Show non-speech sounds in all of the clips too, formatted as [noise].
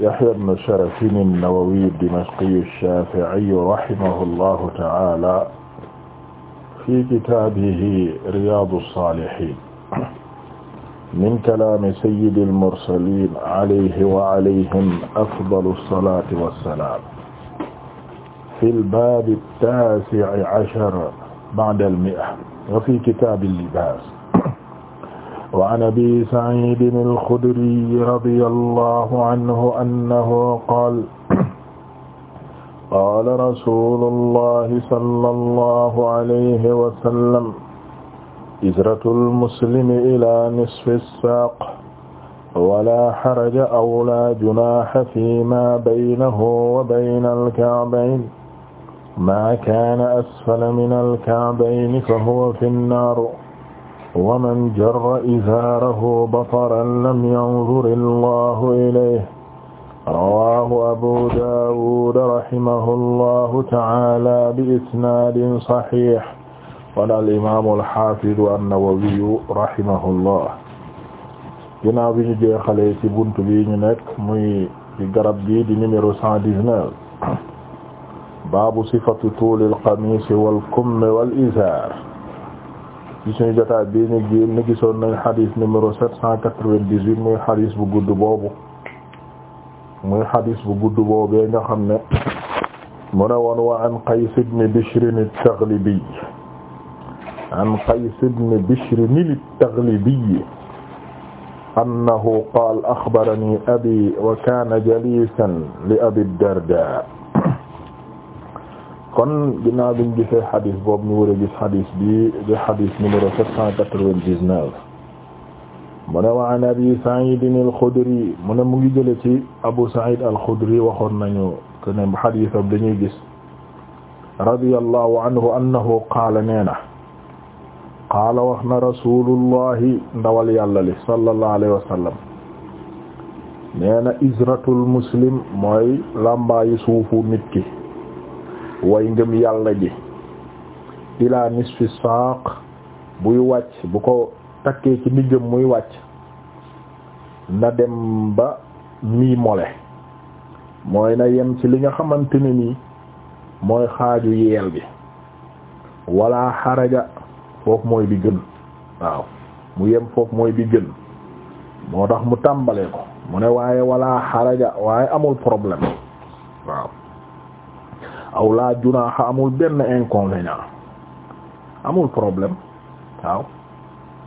Yahya ibn Sharaf an-Nawawi ad-Dimashqi ash-Shafi'i rahimahullahu ta'ala fi kitaabihi Riyaadu s-Saalihiin min kalaami sayyidil mursaliin alayhi wa alayhim afdalu s-salaati was-salaam fil baabi at-taasi'i ashar ba'da al-mi'a wa fi kitaabi al-libaas wa an abi saciidin alxudriy radiya allahu anhu annahu qaala qaala rasuulullahi sallallahu alayhi wa sallam hijratul muslimi ilaa nisfi ssaaq wala xaraja aw laa junaaxa fiimaa baynahu wa bayna alkacbayn maa kaana asfala mina alkacbayni fahuwa fi nnaar waman jarra izaarahu bataran lam yandur allahu ilayhi rawaahu abu daawud rahimahu allahu ta'aala bi isnaadin saxiix qaala al-imaamu al-xaafidu an-nawawiyu rahimahu allah ginnaaw bi ñu jeexalee ci bunt bi ñu nekk muy ci garab gi di numéro cent dix-neuf baabu sifatu tuulil qamiisi wal kummi wal izaar ci suñu jotaay bii ñu génn gisoon nañ xadis numéro sept cent quatre-vingt-dix-huit muy xadis bu gudd boobu muy xadis bu gudd boobee nga xam ne mu ne woon wa an Qays ibn Bishr at-Taghlibi an Qays ibn Bishr at-Taghlibi annahu qaala axbarani abi wa kaana jaliisan li Abi Dardaa kon ginnaaw biñ gisee xadis boobu ñu war a gis xadis bi di xadis numéro 799 mu ne wa an abi Sa'id mu ne mu ngi jële ci Abu Sa'id al-Khudri waxoon nañu que ne xadisam dañuy gis radiyallahu anhu annahu qaala nee na qaala wax na rasulullahi ndawal yàlla li sallallahu alayhi wa sallam nee na izratul muslim mooy làmbaayu suufu nit ki way ngëm yàlla ji ila nisfi saaq buy wàcc bu ko takkee ci ndiggam muy wàcc na dem ba mi mole mooy na yem ci li nga xamante ne nii mooy xaaju yeel bi walla xaraja foofu mooy bi gën waaw mu yem foofu mooy bi gën moo tax mu tàmbalee ko mu ne waaye wala xaraja waaye amul problème waaw aw laa junaaxa amul benn inconvénient amul problème waaw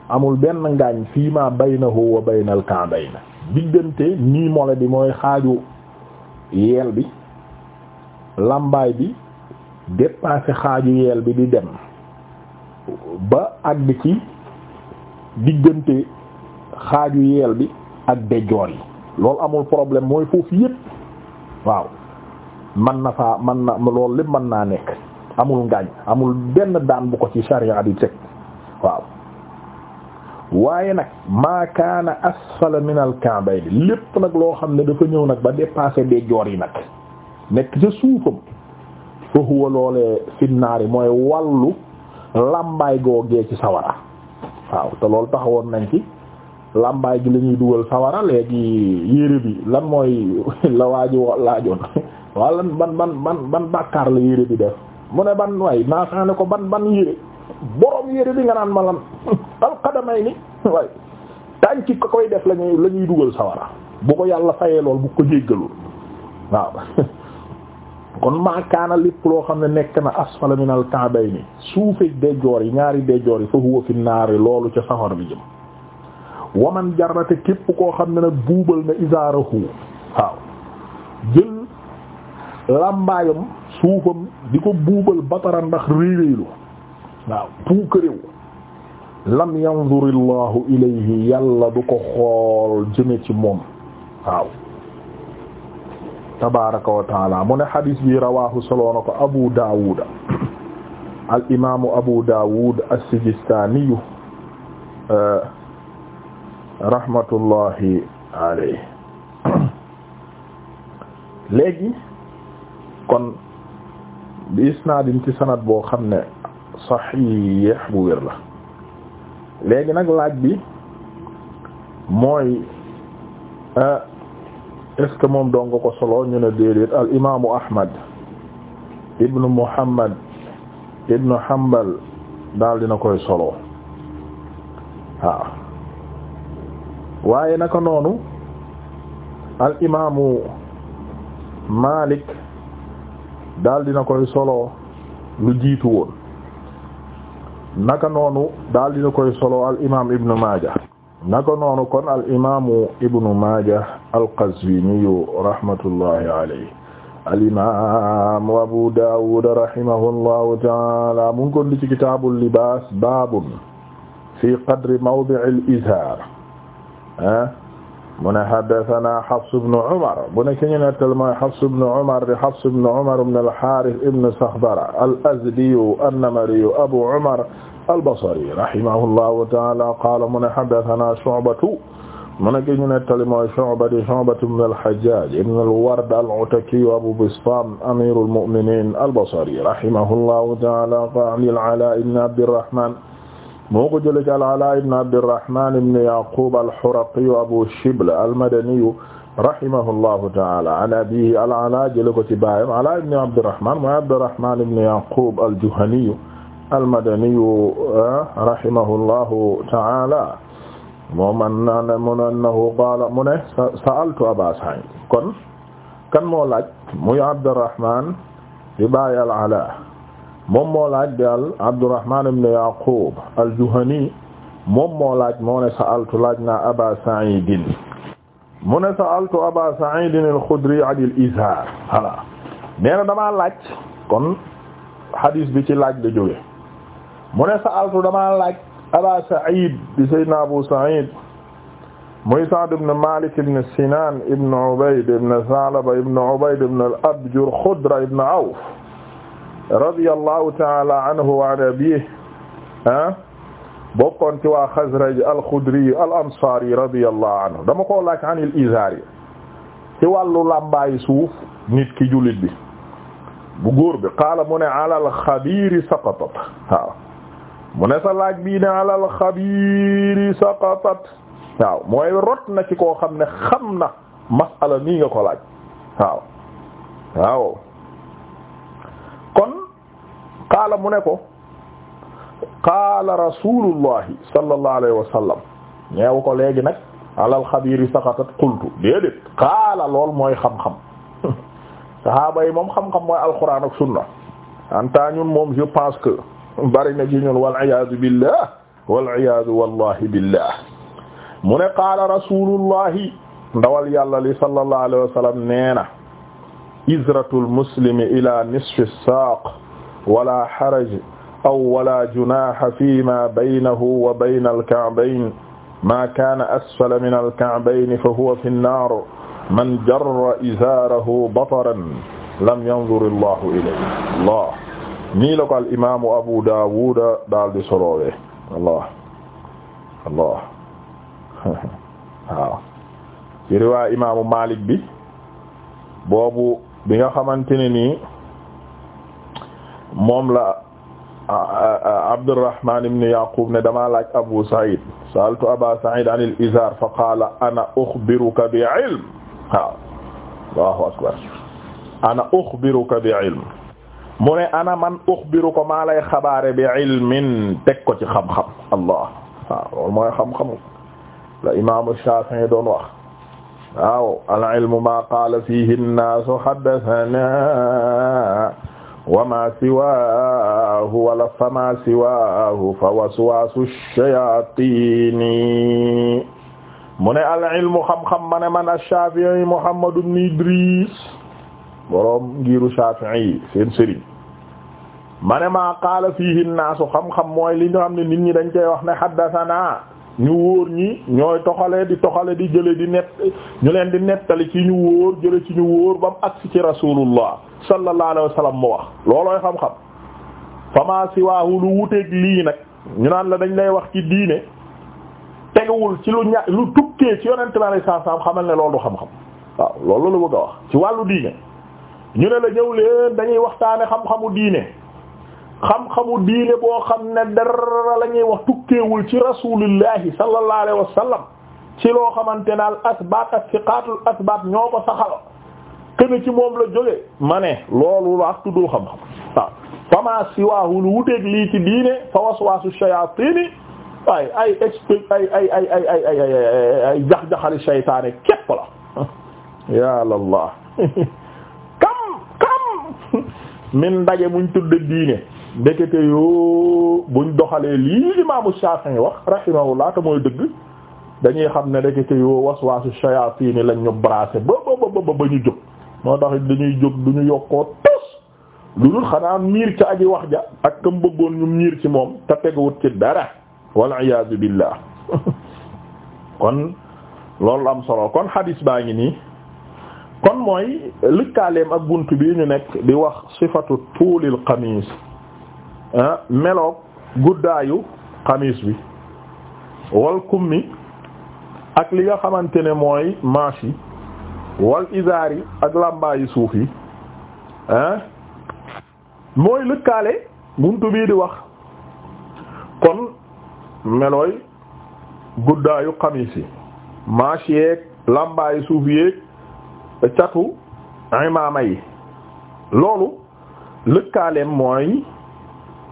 amul benn ngaañ fii ma baynahu wa baynal ka'bayni diggante nii mole bi mooy xaaju yeel bi làmbaay bi dépassé xaaju yeel bi di dem ba àgg ci diggante xaaju yeel bi ak dejoor yi loolu amul problème mooy foofu yépp waaw man na faa man na lool lépp mën naa nekk amul ngaañ amul benn daan bu ko ci sharia di teg waaw waaye nag maa kaana asfala min al ka'bayn lépp nag loo xam ne dafa ñëw nag ba dépassé déjoor yi nag nekk ca suufam fa huwa loolee finnaari mooy wallu làmbaay googee ci sawara waaw te loolu woon nañ ci làmbaay gi lañuy dugal sawara léegi yére bi lan mooy [laughs] la waaji laajoon wala ban ban ban ban bàkkaar la yére bi def mu ne ban waay ne ko ban ban yére borom yére bi nga naan ma lan [laughs] alxadamay ni [laughs] waay tànk ko koy def lañuy la ñuy dugal sawara bu ko yàlla fayee lool bu ko jéggalul waaw [laughs] kon maakaana lépp loo xam ne nekk na asfala min al ka'bayni suufee déjoor yi ñaari déjoor yi fa huwa fi naari loolu ca safar bi jëm waman jarrate képp koo xam ne nag buubal na isaarahu waaw làmbaayam suufam di ko buubal batara ndax réeréelu waaw puukaréew lam yanzurillahu ilayhi yàlla du ko xool jëme ci moom waaw mu ne xadis bi rawahu soloo abu daawuda al imaamu abu daawud as-sijistaaniyu eh, rahmatullahi alayhi kon bi isnaadin ci sanad boo xam ne saxiix bu wér la léegi nag laaj bi mooy ah, est-ce moom doon ko solo ñu ne déedéet al imaamu Ahmad ibnu Muhammad ibnu Hanbal daal dina koy solo waaw waaye naka noonu al imaamu Malik daal dina koy solo lu jiitu woon naka noonu daal dina koy solo al imaam Ibn Maaja naka noonu kon al imaamu Ibn Maaja al Qazwiniyu rahmatullahi alayhi al imaamu Abu Daawud rahimahullahu taala mu ngi ko li ci kitaabul libaas baabun fi qadri mawdi'il izaar ah. mu ne haddathana Hafs ibn Umar bu ne ki ñu nettal mooy Hafs ibn Umar di Hafs ibn Umar ibn al-Harith ibn Sakhdara al-Azdi an-Namari Abu Umar al-Basri rahimahullahu ta'ala qala mu ne haddathana Shu'batu mu ne ki ñu nettali mooy Shu'ba di Shu'ba ibn al-Hajjaj ibn al-Ward al-Ataki Abu Bistam amirul mu'minin al-Basri rahimahullahu ta'ala qala al-Ala ibn Abdirrahman moo ko jëlee ci al-Alaa ibn Abdirrahmaan ibn Yaquub al-Huraqiyu Abu Shibl al-Madaniyu rahimahullahu ta'aala an abiihi al-Alaa jëlee ko ci baayam Alaa ibn Abdirrahmaan mooy Abdirrahmaan ibn Yaquub al-Juhaniyu al-Madaniyu rahimahullahu ta'aala moom man annahu qaala mu ne sa'altu Abaa Sa'iid kon kan moo laaj muy Abdirrahmaan di baay al-Alaa moom moo laaj daal Abdurrahman ibn Yaqub al-Juhani moom moo laaj moo ne sa'altu laaj naa Aba Sa'id mu ne sa'altu Aba Sa'id al-Khudri 'an al-izar voilà nee na damaa laaj kon hadis bi ci laaj la jóge mu ne sa'altu damaa laaj Aba Sa'id di Sayyidina Abu Sa'id muy Sa'd ibn Malik ibn Sinan ibn Ubayd ibn Tha'laba ibn Ubayd ibn al-Abjar Khudra ibn Awf radiyallahu ta'ala anhu wa an abiihi ah bokkoon ci waa Xasraj al-Xudri al-Ansaari radiyallahu anhu dama koo laaj an al-izaar yi ci wàllu làmbaayu suuf nit ki jullit bi bu góor bi qaala mu ne ala al-xabiiri saqatat waaw mu ne sa laaj bii ne ala al-xabiiri saqatat waaw mooy rot na ci koo xam ne xam na masala nii nga ko laaj waaw waaw qaala mu ne ko qaala rasulullahi sallallahu alayhi wa sallam ñeew ko léegi nag alal xabiiri saqatat qultu déedéet qaala lool mooy xam-xam [laughs] sahaaba yi moom xam-xam mooy alquran ak sunna anta ñun moom je pense que bari na ci ñun wal iyaadu billah wal iyaadu wallahi billah mu ne qaala rasulullahi ndawal yàlla li sallallahu alayhi wa sallam nee na izratul muslimi ila nisfi saaq wala xaraj aw wala junaha fi ma baynahu wa bayna alka'bayn ma kana asfala min alka'bayn fa huwa fi nnar man jarra izarahu bataran lam yanzur allahu ilayhi allah nii la ko al imaamu abu daawuda daal di solowee allah allah [laughs] waaw ci riwaa imaamu malik bi boobu bi nga xamante ne nii moom la Abdurrahman ibn Yaqub ne damaa laaj Abu Sa'id sa'altu Aba Sa'id an al-izar fa qala ana ukhbiruka bi ilm waaw Allahu akbar ana ukhbiruka bi ilm mu ne ana man ukhbiruka maa lay xabaare bi ilmin teg ko ci xam-xam Allah waaw loolu mooy xam-xamu la Imam Shafi'i doon wax waaw al-ilmu ma qala fihi an-nas haddathana wa ma siwaahu wala fa ma siwaahu fa waswaasu shayaatiini mu ne al ilmu xam-xam ma ne man ash-Shafi'i Muhammad ibn Idris boroom ngiru Shafi'i yi seen sëriñ ma ne maa qaala fiihi an-naasu xam-xam mooy li nga xam ne nit ñi dañ cey wax ne haddathana ñu wóor ñi ñooy toxale di toxale di jële di nett ñu leen di nettali ci ñu wóor jële ci ñu wóor ba mu agsi ci rasulullah sallallahu alayhi wa sallam mu wax loolooy xam-xam fama waaw lu wuteeg lii nag ñu naan la dañ lay wax ci diine teguwul ci lu ña lu tukkee ci yonente bi saa saam xamal ne loolu xam-xam waaw loolu la bëgg a wax ci wàllu diine ñu ne la ñëw leen dañuy waxtaane xam-xamu diine xam-xamu diine boo xam ne dara lañuy ñuy wax tukkeewul ci rasulillahi sallallahu alayhi ci loo xamante ne al asbaat ak siqaatul asbaat ñoo ko saxal kenn ci moom la jóge mane ne loolu la ak tuddul xam-xam waaw fama siwaahu lu wuteeg diine fa waswaasu shayaatini ay ay ay ay ay ay ay ay ay ay jax-jaxali shaytaane képp la Allah [laughs] kam kam [laughs] min ndaje muñ tudd diine ndekete yoo buñ doxalee lii imaamu Shafi'i wax rahimahullah laata mooy dëgg dañuy xam ne ndekete yoo waswaasu shayaatiini lañ ñu brasser ba ba ba ba ñu jóg moo tax dañuy jóg du ñu yokkoo tos lu dul xanaa miir ca aji wax ja ak kam bëggoon ñu miir ci moom te teguwut ci dara wal iyaazu billaah [laughs] kon loolu am solo kon hadis baa ngi nii kon mooy lëkkaaleem ak bunt bi ñu nekk di wax sifatu tuulil qamis Ah, meloog guddaayu xamis bi wal kummi ak li nga xamante ne mooy manche wal izaar ak ak yu suuf yi ah mooy lëkkaale buntu bii di wax kon meloy guddaayu xamis yi manche yeeg làmbaayu suuf yeeg catu imaama yi loolu lëkkaaleem mooy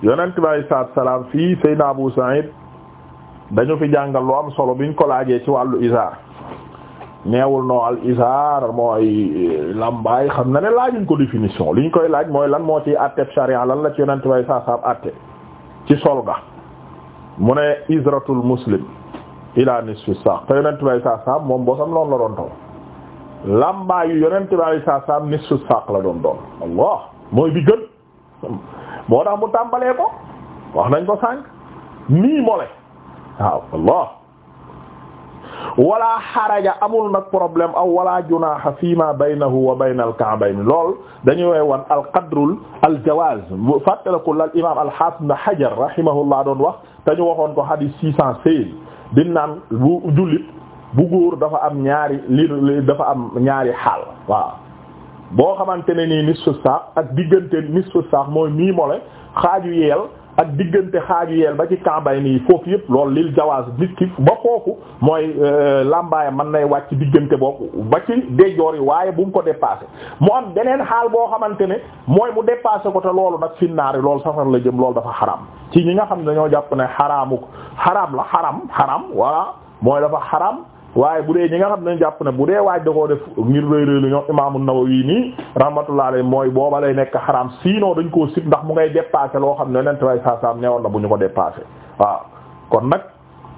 yonent bi alayhi salaatu wa salaam fii Seydina Abu Sa'id dañu fi jàngal lu am solo biñ ko laajee ci wàllu isaar neewul noo al isaar mooy eh, lambaay xam na ne laajuñ ko définition liñ koy laaj mooy lan moo ci àtteeb sharia lan la ci yonent bi saa saam àtte ci sol ga mu ne izratul muslim ila nisfi saaq te yonent bi saa saam moom bosam loolu la doon taw lambaayu yonent bi saa saam nisfi saaq la doon doon mooy bi gën moo tax mu tàmbalee ko wax nañ ko sànq mii mole waaw allah wala xaraja amul nag problème aw wala junaha fi ma baynahu wa bayna alka'bayn lool dañu woy wan alqadrul aljawaz fàttalaku lal imam alhafid na hajar rahimahullah doon wax te ñu waxoon ko hadith six cent seize di naan bu jullit bu góor dafa am ñaari li dafa am ñaari xaal waaw boo xamante ne nii nisfu saax ak diggante nisfu saax mooy mii mole xaaju yeel ak diggante xaaju yeel ba ci kambay nii foofu yëpp lool lil jawaaz nit ki ba foofu mooy euh, lambaaya man nay wàcc diggante boobu ba ci déjoor yi waaye bu mu ko dépassé mu am beneen xaal boo xamante ne mooy mu dépassé ko te loolu nag finnaari lool safar la jëm loolu dafa xaram ci ñi nga xam ne dañoo jàpp ne xaraamu xaraam la xaram xaram voilà mooy dafa xaram waaye bu dee ñi nga xam ne jàpp na bu dee waaj da koo def ngir rëy rëy lu ñoom imaamu Nawawi nii rahmatullah alayhi mooy booba lay nekk xaraam sinon dañ koo sib ndax mu ngay dépassé loo xam ne yonent way saa saam neewoon na bu ñu ko dépassé waaw kon nag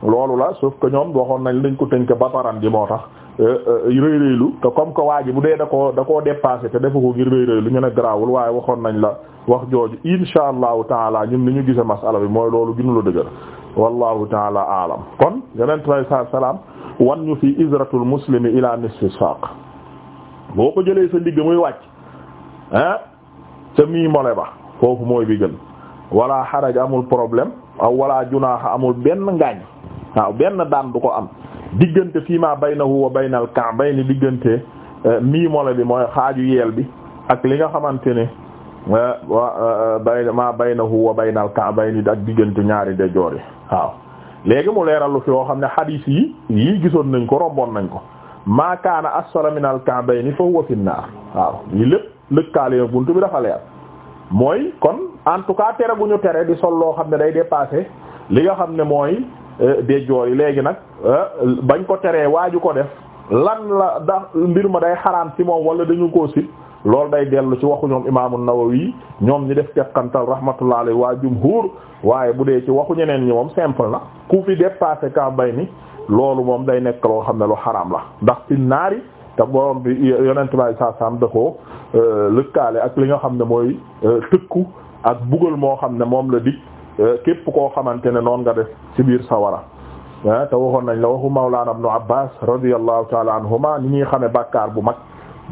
loolu la sauf que ñoom waxoon nañ lañ ko tënk ba paran ji moo tax euh, euh, rëy rëylu te comme que waa ji bu dee da ko da koo dépassé te defu ko ngir rëy rëylu ñu ne garaawul waaye waxoon nañ la wax jooju insha allahu taala ñun ni ñu gise masala bi mooy loolu gënu la dëgër wallahu taala alam kon yonent bi saa salaam wan ñu fi izratul muslimi ila nisfi saq boo ko jëlee sa digg muy wàcc ah ca mii mole ba foofu mooy bi gën wala xaraj amul problème aw wala junaaxa amul benn ngaañ waaw benn daan du ko am diggante fii ma baynahu wa baynal ka'bayni diggante euh, mii mole bi mooy xaaju yeel bi ak li nga xamante ne euh, euh, bay ma baynahu wa baynal ka'bayni ak diggante ñaari dejoor yi waaw léegi mu leeral lu fi woo xam ne hadith yi yii gisoon nañ ko romboon nañ ko ma kaana asfala minal ka'bayni fa huwa waaw lii lépp lëkkaale buntu bi dafa leer mooy kon en tout cas tere gu ñu tere di sol loo xam ne day dépasser li nga xam ne mooy Eh, déjjoor yi léegi nag eh, bañ ko teree waaju ko def lan la da mbir ma day xaraam si moom wala dañu ko sit loolu day dellu ci waxu ñoom imaamu Nawawi ñoom ñi def teqantal rahmatullah alayhi waa jumhur waaye bu dee ci waxu ñeneen ñi moom simple na ku fi dépassé ka bay ni loolu moom day nekk loo xam ne lu xaraam la ndax fi yi te borom bi yonent bi saa saam da ko eh, lëkkaale ak li nga xam ne mooy tëkku ak bugal moo xam ne moom la dik Eh, képp koo xamante ne noon nga def ci biir sawara ah te waxoon nañ la waxu Mawlana Ibn Abbas radiyallahu taala anhuma ni ñuy xame bàkkaar bu mag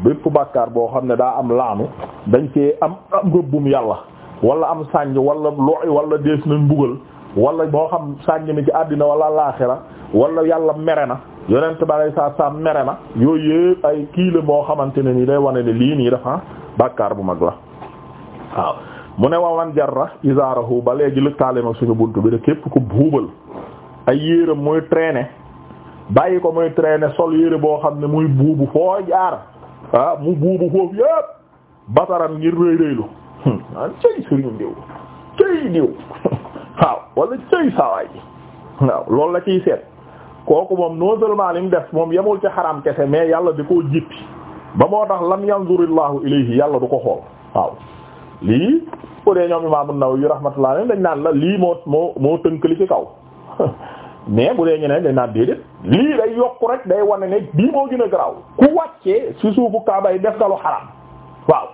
bépp bàkkaar boo xam ne daa am laanu dañ cee am am yàlla wala am sànj wala looy wala dees nañ mbugal wala moo xam sànj mi ci àddina wala laaxira wala yàlla mere na yonent ba lay saa saa mere na yooyu yëpp ay kii la moo xamante ne nii day wane ne lii nii dafa bàkkaar bu mag la waaw mu ne wawan jarra isaarahu ba léegi lëkkaale ma suñu buntu bi de képp ku buubal ay yéeram muy traîner bàyyi ko muy traîner sol yére boo xam ne muy buubu foo jaar ah mu buubu foofu yépp basaran ngir rëy rëylu ah cëy sëriñ [laughs] waaw wala cëy sawaay waaw loolu la ciy seet kooku moom non seulement li mu def moom yemul ci xaram kese mais yàlla di koo jippi ba moo tax lam yanzurillahu ilayhi yàlla du ko xool waaw lii bu dee ñoom Imaam An-Nawawi rahmatullah dañ naan la lii moo moo moo tënk li ci kaw [laughs] mais bu dee ñeneen dañ naan déedéet lii day yokku rek day wane ne bii moo gën a garaaw ku wàccee ci suufu Kaaba yi def nga lu xaraam waaw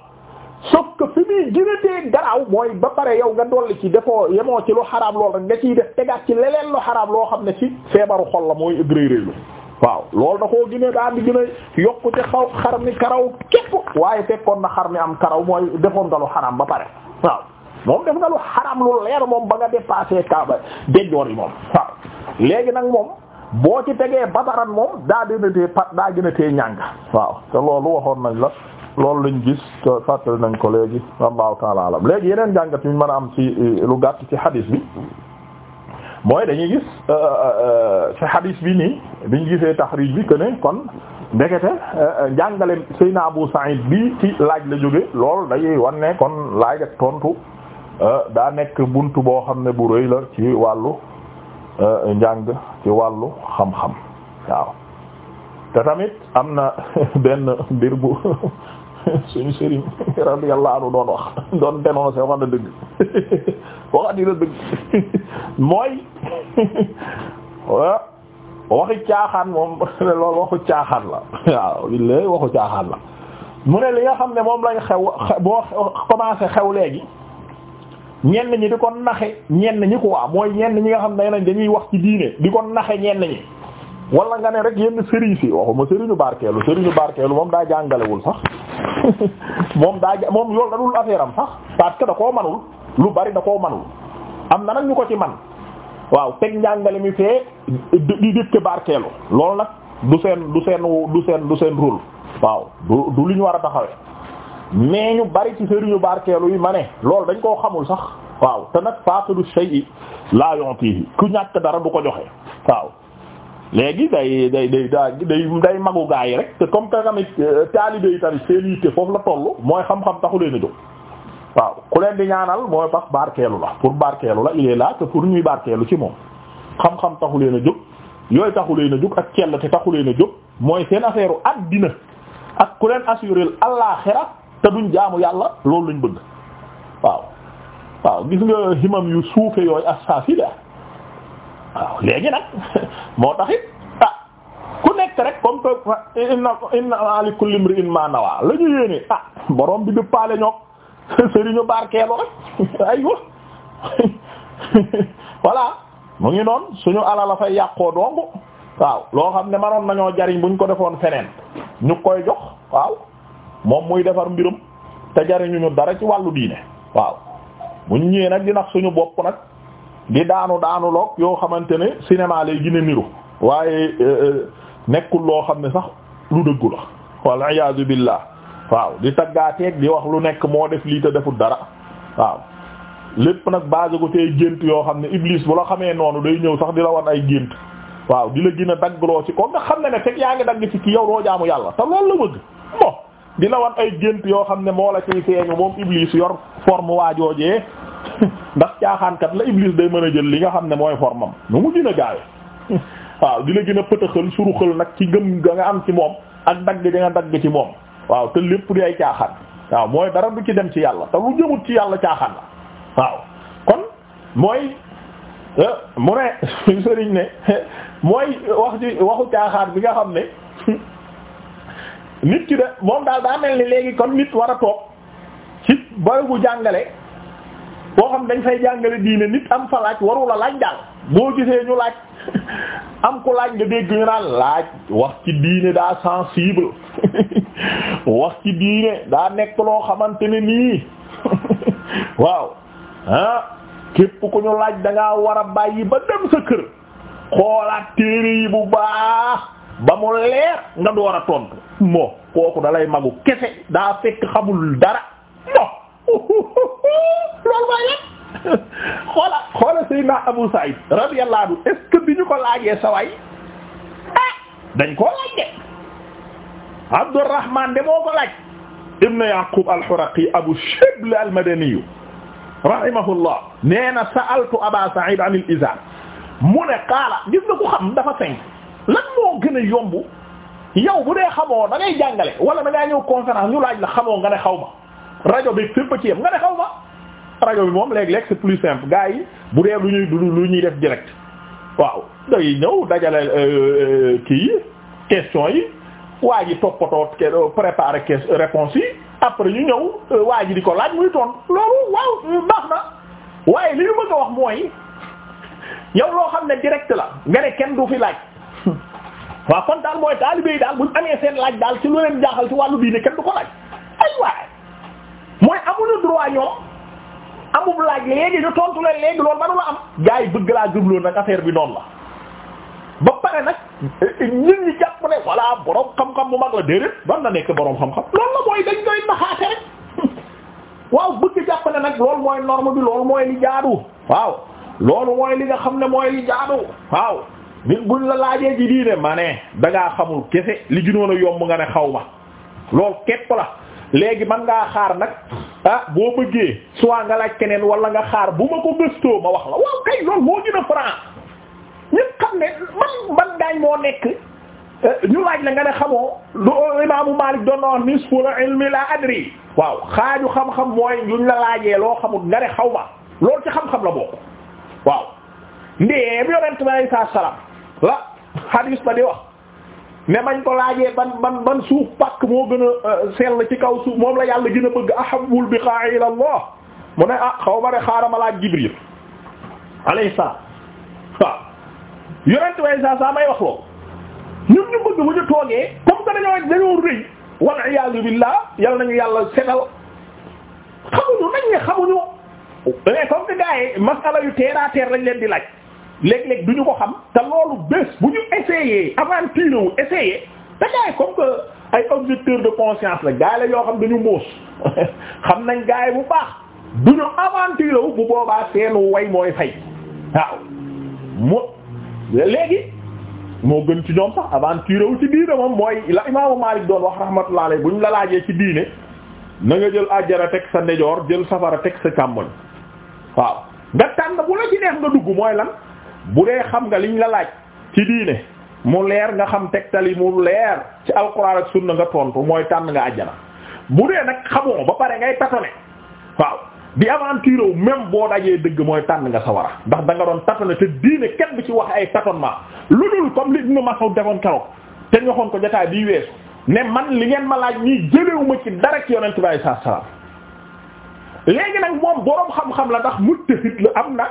sauf que fi muy gën dee garaaw mooy ba pare yow nga dolli ci defoo yemoo ci lu xaraam lool rek nga ciy def tegaat ci leneen lu xaraam loo xam ne ci feebaru xol la mooy ëgg rëy waaw loolu da koo gën a daal di xar mi karaw képp waaye fekkoon na xar mi am karaw mooy defoon nga lu xaram ba pare waaw moom def nga lu xaram lu leer moom ba nga dépassé kaaba déjjoor yi moom waaw léegi nag moom boo ci tegee basaran moom daa gën pat daa gën a tee waaw te loolu waxoon nañ la loolu lañ gis te fàttali nañ ko léegi wallahu taala alam léegi yeneen jàngat ñu mën a am ci lu gàtt ci hadis bi mooy dañuy gis euh, euh, euh, ci hadith bi nii biñ gisee taxriij bi que ne kon ndekete njàngale Seyna Abu Sa'id bi ci laaj la jóge lool dañuy wan ne kon laaj ak tontu daa nekk bunt boo xam ne bu rëy la ci wàllu njàng ci wàllu xam-xam waaw te tamit am na [laughs] benn mbir bu [laughs] suñu sëriñ radiyallahu anhu doon wax doon dénoncer wax na dëgg waxati na dëgg mooy waxi caaxaan moom loolu waxu caaxaan la waaw billahi waxu caaxaan la mu ne li nga xam ne moom lañ xew boo commencé xew léegi ñenn ñi di ko naxe ñenn ñi quoi mooy ñenn ñi nga xam ne dañuy wax ci diine di ko naxe ñenn ñi wala nga ne rek yenn sëriñ si waxuma sëriñu barkeelu sëriñu barkeelu moom daa jàngalewul sax [laughs] moom daa moom yool da dul affaire am sax parce que da koo manul lu bari da koo manul am na nag ñu ko ci man waaw teg njàngale mi fee di dëkk barkeelu loolu nag du seen du seen du seen du waaw du li ñu war a taxawee mais ñu bari ci sëriñu barkeelu yi ma ne loolu dañ koo xamul sax waaw te nag faqidu shay'i la yu'tihi ku ñàkk dara du ko joxe waaw léegi day day day daa day day magu gaa yi rek te comme que tamit euh, taalibe yi foofu la toll mooy xam-xam taxu leen a jóg waaw ku leen di ñaanal mooy tax barkeelu la pour barkeelu la il est te pour ñuy barkeelu ci moom xam-xam taxu leen a jóg yooyu taxu leen a jóg ak cell te taxu leen a jóg mooy seen affaire àddina ak ku leen assuré àllaxira te duñ jaamu yàlla loolu lañ bëgg waaw waaw gis nga himam yu suufe yooyu as-safila waaw léegi nag moo taxit ah ku nekk rek comme que inna inna li kulli imrin ma nawa la yéene ah borom bi du paale ñoog [laughs] sëriñu barkeelu rek [laughs] aywa [laughs] voilà mu ngi noonu suñu ala la fay yàqoo dong waaw loo xam ne manoon nañoo jariñ buñ ko defoon feneen ñu koy jox waaw moom muy defar mbirum te jariñuñu dara ci wàllu diine waaw buñ ñëwee nag di nax suñu bopp nag. di daanu daanu loog yoo xamante ne cinéma lay gën a niru waaye euh, euh, nekkul loo xam ne sax lu dëggu la wal iyaazu billah waaw di taggaateeg di wax lu nekk moo def lii te deful dara waaw lépp nag base ko tey gént yoo xam ne iblis bu la xamee noonu day ñëw sax di la wan ay gént waaw di la gën dagg loo ci ko nga xam ne ne fekk yaa ngi dagg ci ki yow doo jaamu yàlla te loolu la bëgg bon di la wan ay gént yoo xam ne moo la ciy feeñu moom iblis yor forme waajoojee [laughs] ndax caaxaankat la Iblis day mën a jël li nga xam ne mooy formam nu mu gën a gaawe [laughs] waaw di la gën a pëtëxal suruxal nag ci gëm ga nga am ci moom ak dagg da nga dagg ci moom waaw te lépp di ay caaxaan waaw mooy dara du ci dem ci yàlla te lu jëmut ci yàlla caaxaan la waaw kon mooy euh, mu ne sëriñ [laughs] mooy wax ci waxu caaxaan bi nga xam ne nit ki de moom daal daa mel ni léegi kon nit war a toog ci barabu jàngale koo xam dañ fay jàngale diine nit am fa laaj waru la laaj daal boo gisee ñu laaj [laughs] am ku laaj nga dégg ñu naan laaj wax ci diine daa sensible [laughs] wax ci diine daa nekk loo xamante ne nii [laughs] waaw ah képp ku ñu laaj da war a bàyyi ba dem sa kër xoolaat téere yi bu baax ba mu leer nga door a tontu moo kooku dalay magu kese daa fekk xamul dara mo loolu mooy la xoola xoola Seydina Abu Saïd radiyallahu anhu est-ce que bi ñu ko laajee sa waay ah, dañ koo laaj de Abdurrahman de moo ko laaj ibn Yaqub al Abu Shibl al-Madani rahimahullah nee na sa'altu Aba Saïd an al-izar mu ne qaala gis nga xam dafa fenk lan moo gën a yomb yow bu dee xamoo da ngay jàngale wala da ngaa ñëw conférence ñu laaj la xamoo nga ne xaw ma rajo bi fépp ci yem nga ne xaw rajo bi moom léeg-léeg c'est plus simple gars yi bu dee lu ñuy lu ñuy def direct waaw day ñëw dajale euh, euh, kii question yi waa ji toppatoo euh, préparer question réponse yi après ñu ñëw waa ji di ko laaj muy ton loolu waaw baax na waaye li ñu mën a wax mooy yow loo xam ne direct la nga ne kenn du fi laaj [laughs] waa kon daal mooy taalibe yi daal buñ amee seen laaj daal ci lu leen jaaxal ci wàllu diine kenn du ko laaj ay waay mooy amuñu droit ñoom amul laaj léegi ñu tontu leen léegi loolu mënu la am gars yi bëgg laa jublu nag affaire bi noonu la. ba pare nag ñun ñi jàpp ne voilà borom xam-xam bu mag la déedéet ban na nekk boroom xam-xam loolu mooy dañ [laughs] nag loolu mooy norme li jaadu waaw loolu mooy li nga xam ne mooy li jaadu waaw. nit buñ la laajee ji diine ma ne da ngaa xamul kese li junoon a yomb nga ne xaw ma loolu képp la. léegi man ngaa xaar nag ah boo bëggee soit nga laaj keneen wala nga xaar bu ma ko gëstoo ma wax la waaw kay loolu moo gën a nekk eh, ñu laaj la nga ne xamoo lu eh, imaamu Maalik doon na wax nisful ilmi la adri waaw xaaju xam-xam mooy luñ la laajee loo xamul nga ne xaw ma lool ci xam-xam la bokk waaw ndee bi yonent bi alayhi salaam la hadis ba di wax ne bañ ko laajee man ban ban suuf pàkk moo gën a euh, sell ci kaw suuf moom la yàlla gën a bëgg ahabbul biqa'a ila Allah mu ne ah xaw ma ne xaaral ma laaj Jibril alayhi salaam waaw yorenti waaye saa saa wax loolu ñun ñu bëgg bu ñu toogee comme que dañoo dañoo rëy wal iyaazu billah yal nañu yàlla setal xamuñu nañ ne xamuñu mais comme que gars masala yu terre à terre lañ leen di laaj. léeg-léeg du ñu ko xam te loolu bés bu ñu essayé aventure wu essayé te gaay comme que ay objecteurs de conscience la gaay la yoo xam dañu muus [laughs] xam nañ gaay bu baax du ñu aventure wu bu boobaa seen way mooy fay waaw mo léegi moo gën ci ñoom sax aventure wu ci diine moom mooy la imaamu Maalik doon wax rahmatullah bu ñu la laajee ci diine na nga jël àjjana teg sa ndejoor jël safara teg sa càmmoñ waaw nga tànn bu la ci neex nga dugg mooy lan bu dee xam nga liñ la laaj ci diine mu leer nga xam tegtali mu leer ci alquran ak sunna nga tontu mooy tànn nga àjjana bu dee nag xamoo ba pare ngay tatone waaw di aventure wu même boo dajee dëgg mooy tànn nga sa wara ndax danga nga doon tatone te diine kenn bi ci wax ay tâtonnement lu dul comme li Ibn Mas'ud defoon keroog te ñu waxoon ko jotaay bii weesu ne man li ngeen ma laaj nii jëlewuma ci dara ci yonent bi sallallahu alayhi wasallam léegi nag moom boroom xam-xam la ndax mujtahid la am na.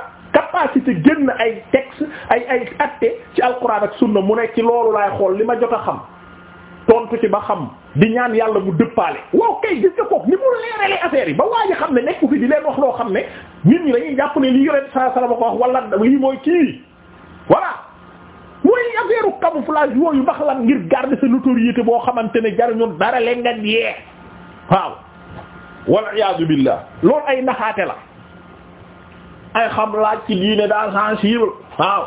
capacité génn ay texte ay ay atte ci alquran ak sunna mu nekk ci loolu laay xool li ma jot a xam tontu ci ba xam di ñaan yàlla mu dëppaale waaw gis nga kook ni mu leerale affaire yi ba waa xam ne nekku fi di leen wax loo xam ne nit ñi dañuy jàpp ne lii yore saa sala ma ko wax wala lii mooy kii voilà mooy affaire camouflage yooyu bax lan ngir garder sa notoriété boo xamante ne jariñoon dara leen nga yee waaw wal iyaazu billah loolu ay naxaate la ay xam laaj ci diine daa sensible waaw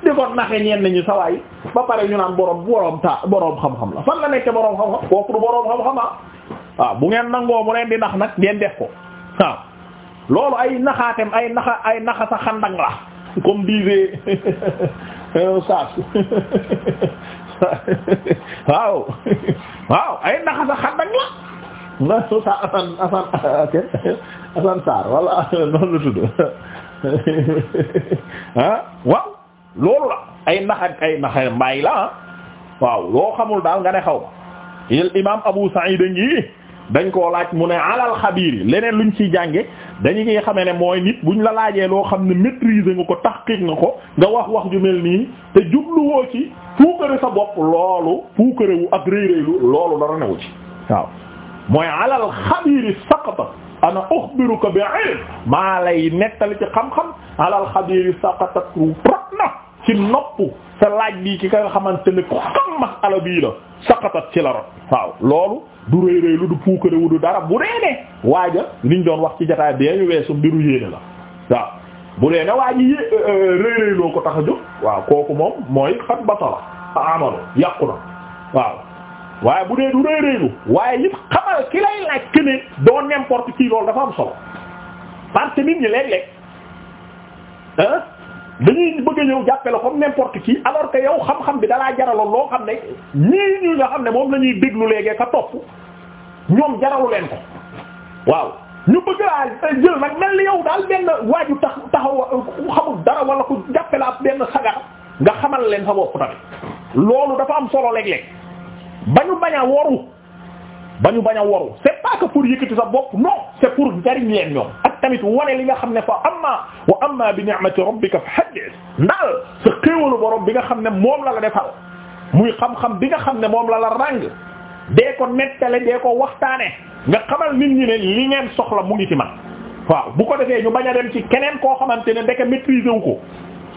[laughs] di ko naxe ñenn ñi sawaay ba pare ñu naan boroom boroom ta boroom xam-xam la fan la nekk boroom xam-xam kooku du boroom xam-xam ah waaw bu ngeen nangoo mu leen di nax nag ngeen def ko waaw loolu ay naxaatem ay naxa ay naxa sa xandang la comme [laughs] [laughs] waaw waaw ay naxa sa xandang la non non ça wala noonu la ah, waaw loolu la ay nax ay nax mbaay la ah. waaw loo xamul daal nga ne xaw ma il imaam Abu Sa'id ngi dañ koo laaj mu ne alal xabiir yi leneen luñ ciy jànge dañu ngi xamee ne mooy nit buñ la laajee loo xam ne maîtriser nga ko tahqiq nga ko nga wax wax ju nii te jubluwoo ci puukare sa bopp loolu puukare wu ak rëy rëylu loolu dara newu ci waaw mooy alal xabiiri saqata ana uxbiruka bi ilm maa lay nettali ci xam-xam alal xabiiri saqata rot na ci nopp sa laaj bi ki nga xamante xam masala bii la saqatat ci la rot waaw loolu du rëy rëy lu du puukare du dara bu dee ne waaja liñ doon wax ci jotaay bi ñu weesu mbiru yéene la waaw bu dee ne waa ji euh, euh, rëy rëy loo ko tax a jóg waaw kooku moom mooy xat batala amalo yàqu na waaw waaye bu dee du rëy rëylu waaye it xamal ki lay laaj que ne doo n'importe loolu dafa am solo parce nit ñi léeg-léeg ah dañuy bëgg a ñëw jàppe la comme n'importe qui alors que yow xam-xam bi dalaa jaraloon loo xam ne ñii ñu nga xam ne moom la ñuy déglu léegi ka topp ñoom jaralu leen ko waaw ñu bëgg laa jël nag mel ni yaw daal benn waaju tax taxaw xamul dara wala ku jàppe la ab benn sagar nga xamal leen sa bopp tamit loolu dafa am solo léeg-léeg ba bañu bañ a ba ñu bañ a waru c'est pas pour yëkkati sa bopp non c'est pour jariñ leen ñoom ak tamit wane li nga xam ne fa amma wa amma bi ni'mati rabbika fa haddith ndaal sa xéewalu borom bi nga xam ne moom la la defal muy xam-xam bi nga xam ne moom la la ràng dee ko nettale dee ko waxtaane nga xamal nit ñi ne li ngeen soxla mu ngi ci waaw bu ko defee ñu bañ a dem ci keneen koo xamante ne ndeke maîtriser wu ko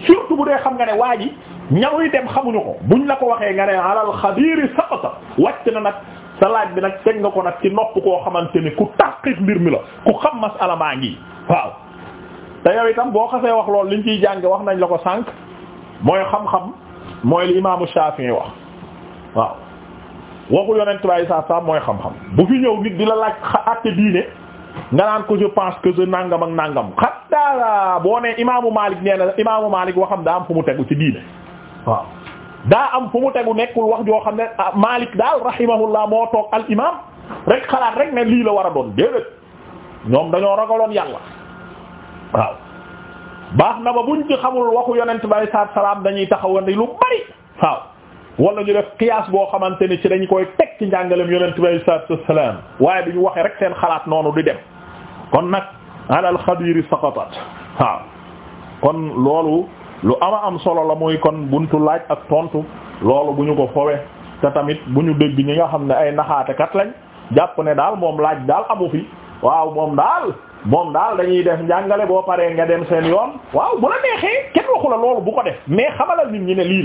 surtout bu dee xam nga ne waa ji ñamuy dem xamuñu ko buñ la ko waxee nga ne alal xabiiri saqata wàcc na nag sa laaj bi nag teg nga ko nag ci nopp koo xamante ni ku tàqiq mbir mi la ku xam masala maa ngi waaw te yow itam boo xasee wax loolu liñ ciy jànge wax nañ la ko sànq mooy xam-xam mooy li imaamu Shafi'i wax waaw waxu yonent bi sallallahu alayhi mooy xam-xam bu fi ñëw nit di la laaj atte diine nga naan ko je pense que je nangam ak nangam xatta boo ne imaamu Malik nee na imaamu Malik waxam daa am fu mu tegu ci diine waaw daa am fu mu tegu nekkul wax joo xam ne ah, Malik daal rahimahullah moo toog al imaam rek xalaat rek ne lii la war a doon déedéet ñoom dañoo ragaloon yàlla waaw baax na ba ñu ci xamul waxu yonent bi sallallahu alayhi dañuy taxawandi lu bari waaw. wala ñu def qiyaas boo xamante ni ci dañu koy teg ci njàngalem yonent bi alayhi salaatu wassalaam waaye duñu waxee rek seen xalaat noonu di dem kon nag alal xadiiri saqatat waaw kon loolu lu ama am solo la muy kon buntu laaj ak tontu loolu bu ñu ko fowe te tamit bu ñu dégg ñi nga xam ne ay kat lañ jàpp ne daal moom laaj daal amu fi waaw moom daal moom daal dañuy def njàngale boo paree nga dem seen yoon waaw bu la neexee kenn waxu la loolu bu ko def mais xamalal nit ñi ne lii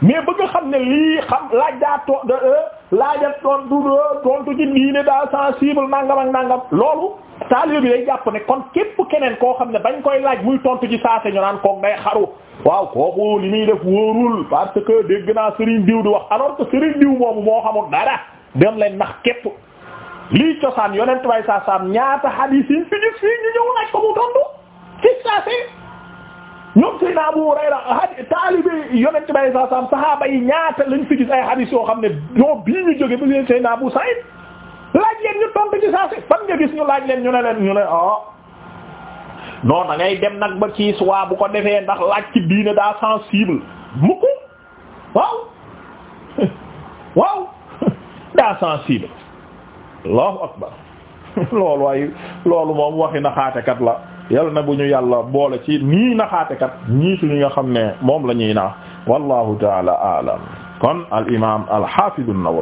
mais bëgg xam ne lii xam laaj daa to euh, laajal tontu euh, tontu ci diine daa sensible nangam ak nangam loolu taalibe bi day jàpp ne kon képp keneen koo xam ne bañ koy laaj muy tontu ci saa ñu naan koog day xaru waaw kooku li muy def wóorul parce que dégg naa Serigne Diw di wax alors que Serigne Diw moomu moo xamul dara dem leen nax képp lii cosaan yonent way saa saam ñaata xadiis yi ñu ñëw laaj ko mu tontu ci saa ñoom Seydina Abu Hurayra taalibe yonent bi saa saam saxaaba yi ñaata lañ fi gis ay hadith yoo xam ne ñoo bii ñu jóge ba Seydina Abu Sa'id laaj leen ñu tontu ci saa fan nga gis ñu laaj leen ñu ne leen ñu ne ah non da dem nag ba kii soit bu ko defee ndax laaj ci diine daa sensible mukk waaw [laughs] waaw [laughs] daa sensible allahu akbar [laughs] loolu waaye loolu moom waxi na xaatekat la. yal na bu ñu yàlla boole ci nii naxaatekat ñii suñu nga xam ne moom la ñuy naax wallahu taala aalam kon al imaam al haafiz an-Nawawi